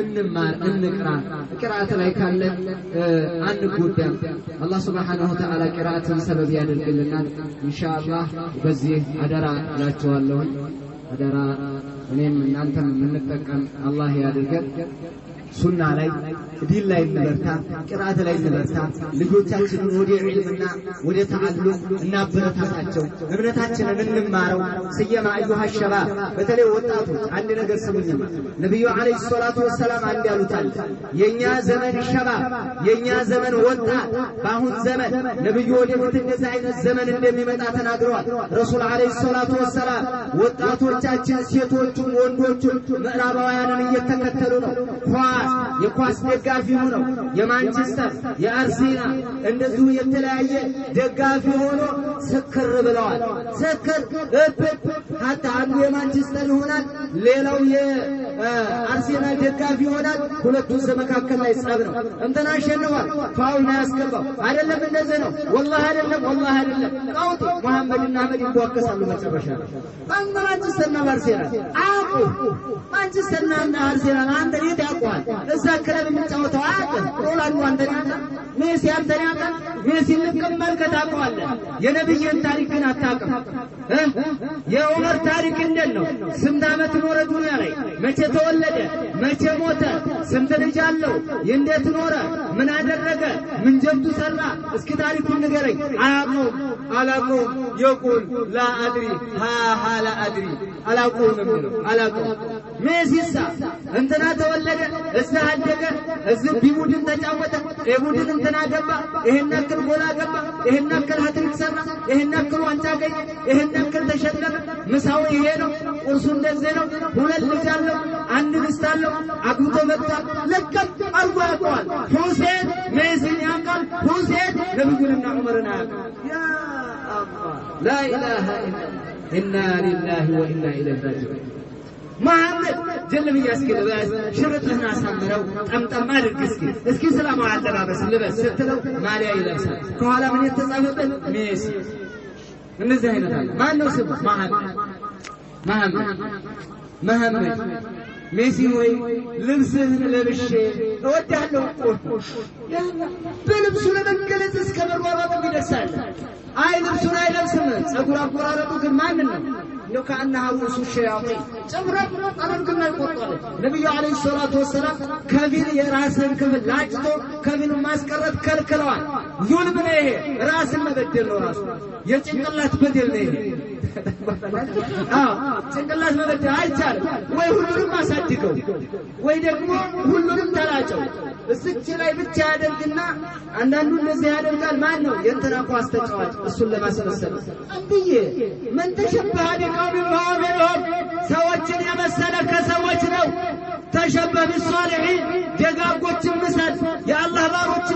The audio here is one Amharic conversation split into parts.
እንማር፣ እንቅራ። ቅርአት ላይ ካለ አንጎዳም። አላህ ስብሓነሁ ወተዓላ ቅርአትን ሰበብ ያደርግልናል። ኢንሻአላህ በዚህ አደራ እላችኋለሁ። አደራ እኔም እናንተም የምንጠቀም አላህ ያድርገን። ሱና ላይ ዲን ላይ እንበርታ፣ ቅርአት ላይ እንበርታ። ልጆቻችንን ወደ ዕልምና ወደ ተዓሉ እናበረታታቸው፣ እምነታችንን እንማረው። ስየማ አዩሃ ሸባ፣ በተለይ ወጣቶች አንድ ነገር ስሙኝም፣ ነቢዩ ዓለይሂ ሰላቱ ወሰላም አንድ ያሉታል፣ የእኛ ዘመን ሸባ የእኛ ዘመን ወጣት። በአሁን ዘመን ነቢዩ ወደፊት እንደዚህ አይነት ዘመን እንደሚመጣ ተናግረዋል። ረሱል ዓለይሂ ሰላቱ ወሰላም ወጣቶቻችን ሴቶቹም ወንዶቹም ምዕራባውያንን እየተከተሉ ነው የኳስ ደጋፊ ሆኖ የማንቸስተር የአርሴናል እንደዚሁ የተለያየ ደጋፊ ሆኖ ስክር ብለዋል። ስክር እብብ ሀታ አንዱ የማንቸስተር ይሆናል፣ ሌላው የአርሴናል ደጋፊ ይሆናል። ሁለቱ ዘመካከል ላይ ጸብ ነው። እንትና አሸንፏል፣ ፋውል ነው ያስገባው። አይደለም እንደዚህ ነው። ወላሂ አይደለም፣ ወላሂ አይደለም። ቀውጤ መሐመድና አህመድ ይዋከሳሉ። መጨረሻ ነው ማንቸስተርና አርሴናል አቁ ማንቸስተርና አርሴናል አንተ ቤት ያውቀዋል እዛ ክለብ የምጫወተው አያውቅም። ሮላንዶ አንተን ያውቃል፣ ሜሲ አንተን ሜሲ ልቀመልከት ታውቀዋለህ፣ የነብይህን ታሪክ ግን አታውቅም። የዑመር ታሪክ እንደት ነው? ስንት ዓመት ኖረ ዱንያ ላይ? መቼ ተወለደ? መቼ ሞተ? ስንት ልጅ አለው? እንዴት ኖረ? ምን አደረገ? ምን ጀብዱ ሰራ? እስኪ ታሪኩን ንገረኝ። አያውቀውም፣ አላውቀውም። የቁል ላ አድሪ ሀ ሀ ላ አድሪ አላውቀውም፣ አላውቀውም ሜሲሳ እንትና ተወለደ፣ እዛ አደገ፣ እዚህ ቢቡድን ተጫወተ፣ የቡድን እንትና ገባ፣ ይሄን ያክል ጎላ ገባ፣ ይሄን ያክል ሀትሪክ ሰራ፣ ይሄን ያክል ዋንጫ አገኘ ይሄን ያክል ተሸለመ። ምሳው ይሄ ነው፣ ቁርሱ እንደዚህ ነው። ሁለት ልጅ አለው፣ አንድ ሚስት አለው፣ አግብቶ መጥቷል። ለቀቅ አርጎ ያውቀዋል። ሁሴን ሜሲን ያውቃል። ሁሴን ነብዩንና ዑመርን ያውቃል። ላ ኢላሃ ኢላ ኢና ሊላሂ ወኢና ኢለይሂ ራጂዑን መሐመድ ጀልብ እያስክልበስ ሽርጥህን አሳምረው ጠምጠማ አድርግ እስኪ እስኪ ስላማዊ አለባበስ ልበስ ስትለው ማሊያ ይለብሳል። ከኋላ ምን የተጻፈበት ሜስ። እነዚህ አይነት አለ። ማን ነው ስሙ? መሐመድ መሐመድ መሐመድ ሜሲ ወይ ልብስህን ለብሼ እወዳለሁ እኮ በልብሱ ለመገለጽ እስከ መሯሯጡ ይደርሳል። አይ ልብሱን አይለብስም። ፀጉር አቆራረጡ ግን ማንን ነው እንደው ከአና ሀውሱ ሸያጢን ጭምረት አለምክና ይቆጠለ ነቢዩ ዓለይሂ ሰላቱ ወሰላም ከቢን የራስን ክፍል ላጭቶ ከቢኑ ማስቀረት ከልክለዋል። ዙልም ነው ይሄ፣ ራስን መበደል ነው። ራሱ የጭንቅላት በደል ነው ይሄ ጭንቅላት መበደ አይቻልም ወይ? ሁሉንም አሳድገው ወይ ደግሞ ሁሉንም ተላጨው። እስች ላይ ብቻ ያደርግና አንዳንዱ እንደዚህ ያደርጋል። ማን ነው የእንትና ኳስ ተጫዋች? እሱን አንድዬ ምን ተሸበህ ሰዎችን የመሰለ ከሰዎች ነው። ተሸበህ ቢሷልሒ ደጋጎችን ምሰል የአላህ ባሮችን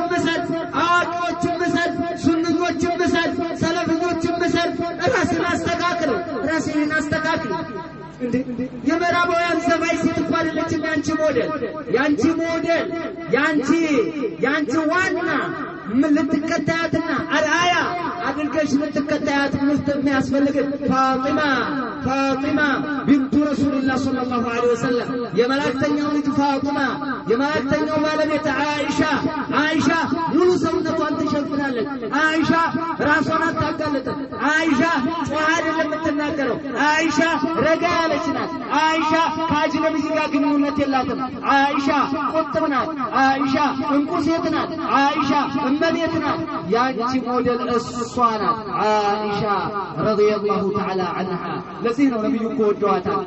ራስሽን አስተካክል። የምዕራባውያን ሰማይ ሴት እኮ አይደለችም። ያንቺ ሞዴል ያንቺ ሞዴል ያንቺ ያንቺ ዋና ልትከታያትና አርአያ አድርገሽ ልትከታያት ምስት የሚያስፈልግ ፋጢማ ፋጢማ ቢንቱ ረሱልላህ ሰለላሁ ዐለይሂ ወሰለም የመላእክተኛው ልጅ ፋጢማ የመላእክተኛው ባለቤት አይሻ አይሻ ሙሉ ሰውነቷን ትሆናለች። አይሻ ራሷን አታጋለጠም። አይሻ ጮኸ አይደለም የምትናገረው። አይሻ ረጋ ያለች ናት። አይሻ ከአጅነቢይ ጋር ግንኙነት የላትም። አይሻ ቁጥብ ናት። አይሻ እንቁ ሴት ናት። አይሻ እመቤት ናት። ያንቺ ሞዴል እሷ ናት። አይሻ ረዲየላሁ ተዓላ አንሃ። ለዚህ ነው ነቢዩ እኮ ወደዋታል።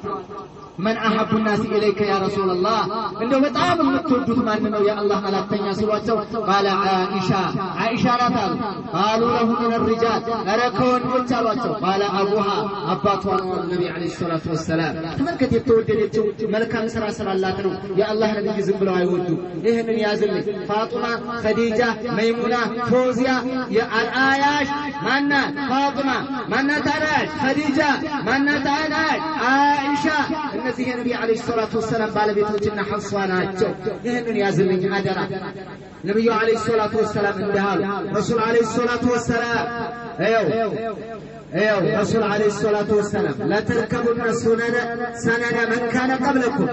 من أحب الناس إليك يا رسول الله من لو بتعام المتوجد من يا الله على التنيا سواتو قال عائشة عائشة راتال قالوا له من الرجال أركون متواتو قال أبوها أباك النبي عليه الصلاة والسلام تمن كتير تود ديتو ملكا سرا سرا الله تنو يا الله نبي زبلا يودو إيه من يازلي فاطمة خديجة ميمونة فوزيا يا الآياش منا فاطمة منا تاراش خديجة منا تاراش عائشة እነዚህ የነቢይ ዓለይሂ ሰላቱ ወሰላም ባለቤቶችና ሐፍሷ ናቸው። ይህንን ያዝልኝ አደራ። ነቢዩ ዓለይሂ ሰላቱ ወሰላም እንዳሉ ረሱል ዓለይሂ ሰላቱ ወሰላም ይኸው ይኸው ረሱል ዓለይሂ ሰላቱ ወሰላም ለተርከቡነ ሱነነ ሰነነ መን ካነ ቀብለኩም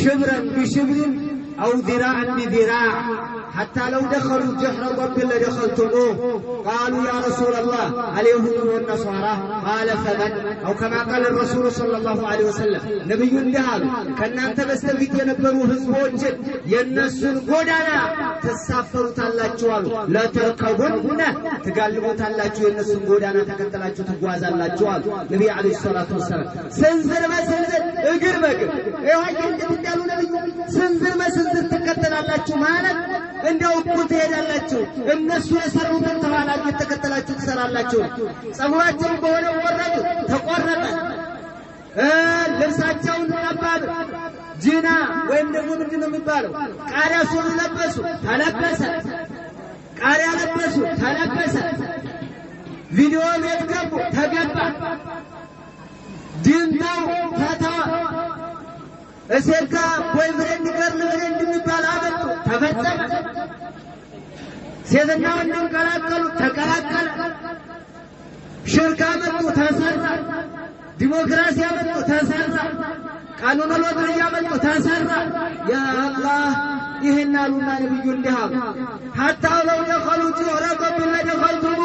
ሽብረን ቢሽብሪን አው ዚራዕን ቢዚራዕ حتى لو دخلوا جحر رب لدخلتموه قالوا يا رسول الله اليهود والنصارى قال فمن أو كما قال الرسول صلى الله عليه وسلم نبي ከእናንተ በስተፊት የነበሩ ህዝቦችን የእነሱን ጎዳና ትሳፈሩታላችሁ አሉ። ለተርከቡነ ትጋልቦታላችሁ፣ የእነሱን ጎዳና ተከተላችሁ ትጓዛላችሁ አሉ ነቢ ዓለይሂ ሰላቱ ወሰላም። ስንዝር በስንዝር እግር በእግር ይኸው እንዴት እንዳሉ ነቢዩ ስንዝር በስንዝር ትከተላላችሁ ማለት እንዲያው እኩል ትሄዳላችሁ። እነሱ የሰሩትን ተኋላችሁ የተከተላችሁ ትሰራላችሁ። ጸጉራቸውን በሆነ ወረዱ፣ ተቆረጠ። ልብሳቸውን ጠባብ ጂና ወይም ደግሞ ምንድን ነው የሚባለው ቃሪያ ሱሪ ለበሱ፣ ተለበሰ። ቃሪያ ለበሱ፣ ተለበሰ። ቪዲዮ ቤት ገቡ፣ ተገባ። ድምታው ተተወ። እሴት ጋ ቦይፍሬንድ ገርልፍሬንድ የሚባል አመጡ፣ ተፈጸመ። ሴትና ወንድም ቀላቀሉ፣ ተቀላቀለ። ሽርካ መጡ፣ ተሰራ። ዲሞክራሲ አመጡ፣ ተሰራ። ቃኑን ሎተሪ አመጡ፣ ተሰራ። ያ አላህ ይህን አሉና ነቢዩ እንዲህ አሉ፣ ሀታ ለው ደኸሉ ጩዕረከ ብለደኸልቱሙ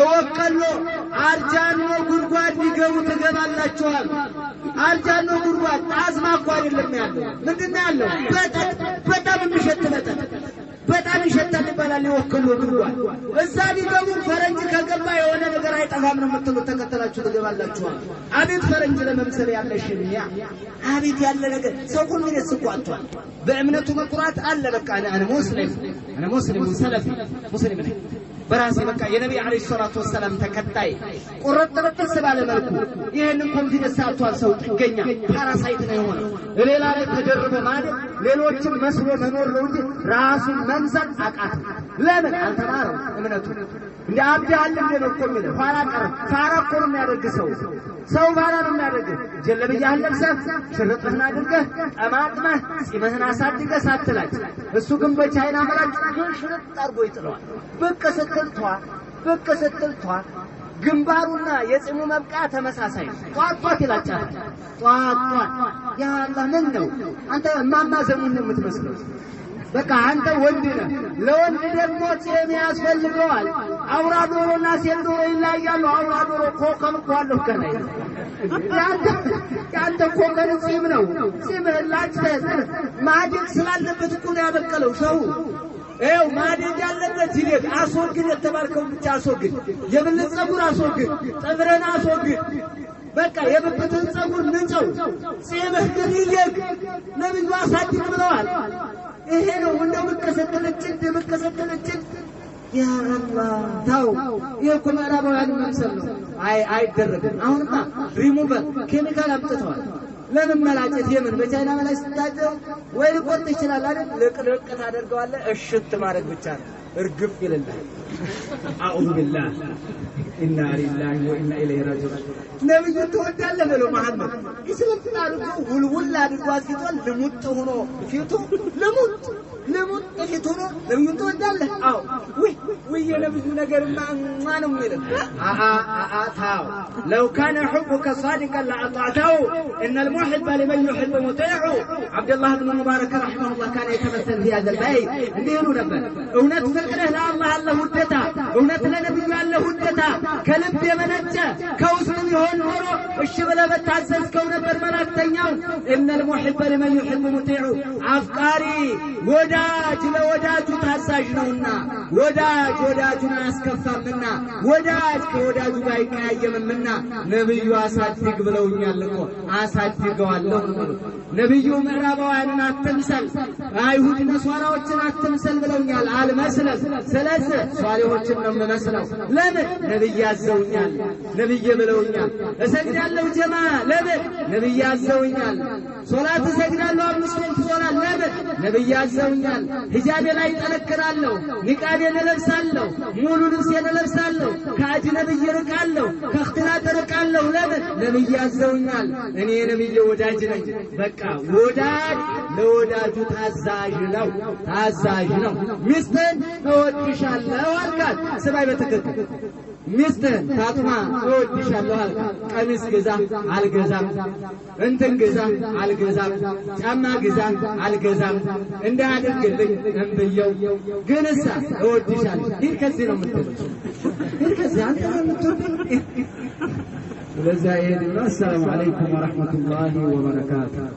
እወቀሎ ገቡ ትገባላችኋል። አልጃኖ ጉድጓድ ጣዝማ እኮ አይደለም ያለው ምንድን ነው ያለው? በጠጥ በጣም የሚሸት መጠጥ በጣም ይሸታል ይባላል። የወክሉ ጉድጓድ እዛ ቢገቡ ፈረንጅ ከገባ የሆነ ነገር አይጠፋም ነው የምትሉት። ተከተላችሁ ትገባላችኋል። አቤት ፈረንጅ ለመምሰል ያለሽ ያ አቤት ያለ ነገር ሰው ሁሉ እኮ አጥቷል። በእምነቱ መኩራት አለ። በቃ እኔ ሙስሊም እኔ ሙስሊም ሰለፊ ሙስሊም ነኝ በራሴ በቃ የነቢይ ዓለይሂ ሰላቱ ወሰላም ተከታይ ቁረጥ ጥርጥስ ባለ መልኩ ይህንን ኮንፊደንስ አጥቷል ሰው ጥገኛ ፓራሳይት ነው የሆነ ሌላ ላይ ተደርበ ማለት ሌሎችን መስሎ መኖር ነው እንጂ ራሱን መግዛት አቃት። ለምን አልተማረው? እምነቱ እንደ አብድ አለ እንደ ነው እኮ የሚለው ኋላ ቀረ ፋራ እኮ ነው የሚያደርግ ሰው ሰው ፋራ ነው የሚያደርግ። ጀለብያህን ለብሰህ ሽርጥህን አድርገህ ጠማጥመህ ጺምህን አሳድገህ ሳትላጭ፣ እሱ ግን በቻይና መላጭ ሽርጥ አድርጎ ይጥለዋል። ብቅ ስትል ቷ ብቅ ስትል ግንባሩና የጽሙ መብቃ ተመሳሳይ ጧት ጧት ይላቻል። ጧት ጧት ያ አላህ ምን ነው አንተ እማማ ዘሙን ነው የምትመስለው። በቃ አንተ ወንድ ነህ። ለወንድ ደግሞ ጽም ያስፈልገዋል። አውራ ዶሮና ሴት ዶሮ ይለያሉ። አውራ ዶሮ ኮከን እኮ አለሁ ከላይ የአንተ ኮከን ጽም ነው። ጽምህላች ማድግ ስላለበት እኮ ነው ያበቀለው ሰው ይኸው ማደግ ያለበት ሂደት አስወግድ፣ የተባልከውን ብቻ አስወግድ፣ የብልት ፀጉር አስወግድ፣ ጥፍርን አስወግድ። በቃ የብብትን ፀጉር ንጸው፣ ጺምህ ድርየግ ነቢዩ አሳድግ ብለዋል። ይሄ ነው እንደ ምቀሰተለጭድ የምቀሰተለጭድ ያ አላህ ተው። ይህ እኮ ምዕራባውያን መምሰል ነው። አይ አይደረግም። አሁንማ ሪሙቨር ኬሚካል አምጥተዋል። ለመመላጨት የምን በቻይና በላይ ስታጨው ወይ ልቆጥ ይችላል አይደል? ልቅልቅ ታደርገዋለህ። እሽት ማድረግ ብቻ ነው። እርግፍ ይልልሃል። አዑዙ ቢላህ ኢና ሊላሂ ወኢና ኢለይሂ ራጂዑን። ነብዩ ትወዳለህ በለው መሐመድ ይስልምትን አድርጎ ውልውል አድርጎ አስጊጦ ልሙጥ ሆኖ ፊቱ ልሙጥ لمن تحت هنا لم ينتو الدالة أو وي وي يا نبي من غير ما ما نمير آه آه آه ثاو لو كان حبك صادقا لأطعته إن الموحد بالمن يحب مطيعه عبد الله بن مبارك رحمه الله كان يتمثل في هذا البيت عنده نبي أونت سكره لا الله الله هدته أونت لنبي الله هدته كلب يمنجه كوسن يهو ሆኖ እሺ ብለህ በታዘዝከው ነበር። መላክተኛው እነል ሙሕበ ለመን ዩሕቡ ሙጢዑ፣ አፍቃሪ ወዳጅ ለወዳጁ ታዛዥ ነውና ወዳጅ ወዳጁን አያስከፋምና ወዳጅ ከወዳጁ ጋር አይቀያየምምና ነቢዩ አሳድግ ብለውኛል እኮ አሳድገዋለሁ ነው ነቢዩ። ምዕራባውያንን አትምሰል፣ አይሁድ ነሷራዎችን አትምሰል ብለውኛል። አልመስለም። ስለዚህ ሷሌዎችን ነው የምመስለው። ለምን ነቢይ አዘውኛል፣ ነቢይ ብለውኛል። እሰግዳለሁ ጀማ ለምን ነብይ አዘውኛል። ሶላት እሰግዳለሁ አምስት ወቅት ሶላት ለምን ነብይ አዘውኛል። ላይ አይጠነክራለሁ፣ ኒቃቤን እለብሳለሁ፣ ሙሉ ልብሴን እለብሳለሁ፣ ነብይ እርቃለሁ፣ ከእኽትላጥ እርቃለሁ ለምን ነብይ አዘውኛል። እኔ ነብይ ወዳጅ ነኝ። በቃ ወዳጅ ለወዳጁ ታዛዥ ነው፣ ታዛዥ ነው። ሚስትን እወድሻለሁ አልካት ስባይ በትክክል ሚስት ታጥማ እወድሻለሁ አልክ። ቀሚስ ግዛ አልገዛም፣ እንትን ግዛ አልገዛም፣ ጫማ ግዛ አልገዛም፣ እንዲህ አድርግልኝ እምብየው ግንሳ እወድሻለሁ። ሂድ ከዚህ ነው የምትወድ፣ ሂድ ከዚህ አንተ ነው የምትወድ። ስለዚያ ይሄ አሰላሙ አለይኩም ወረሕመቱላሂ ወበረካቱ